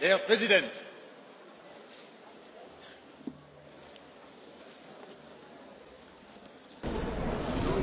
herr präsident!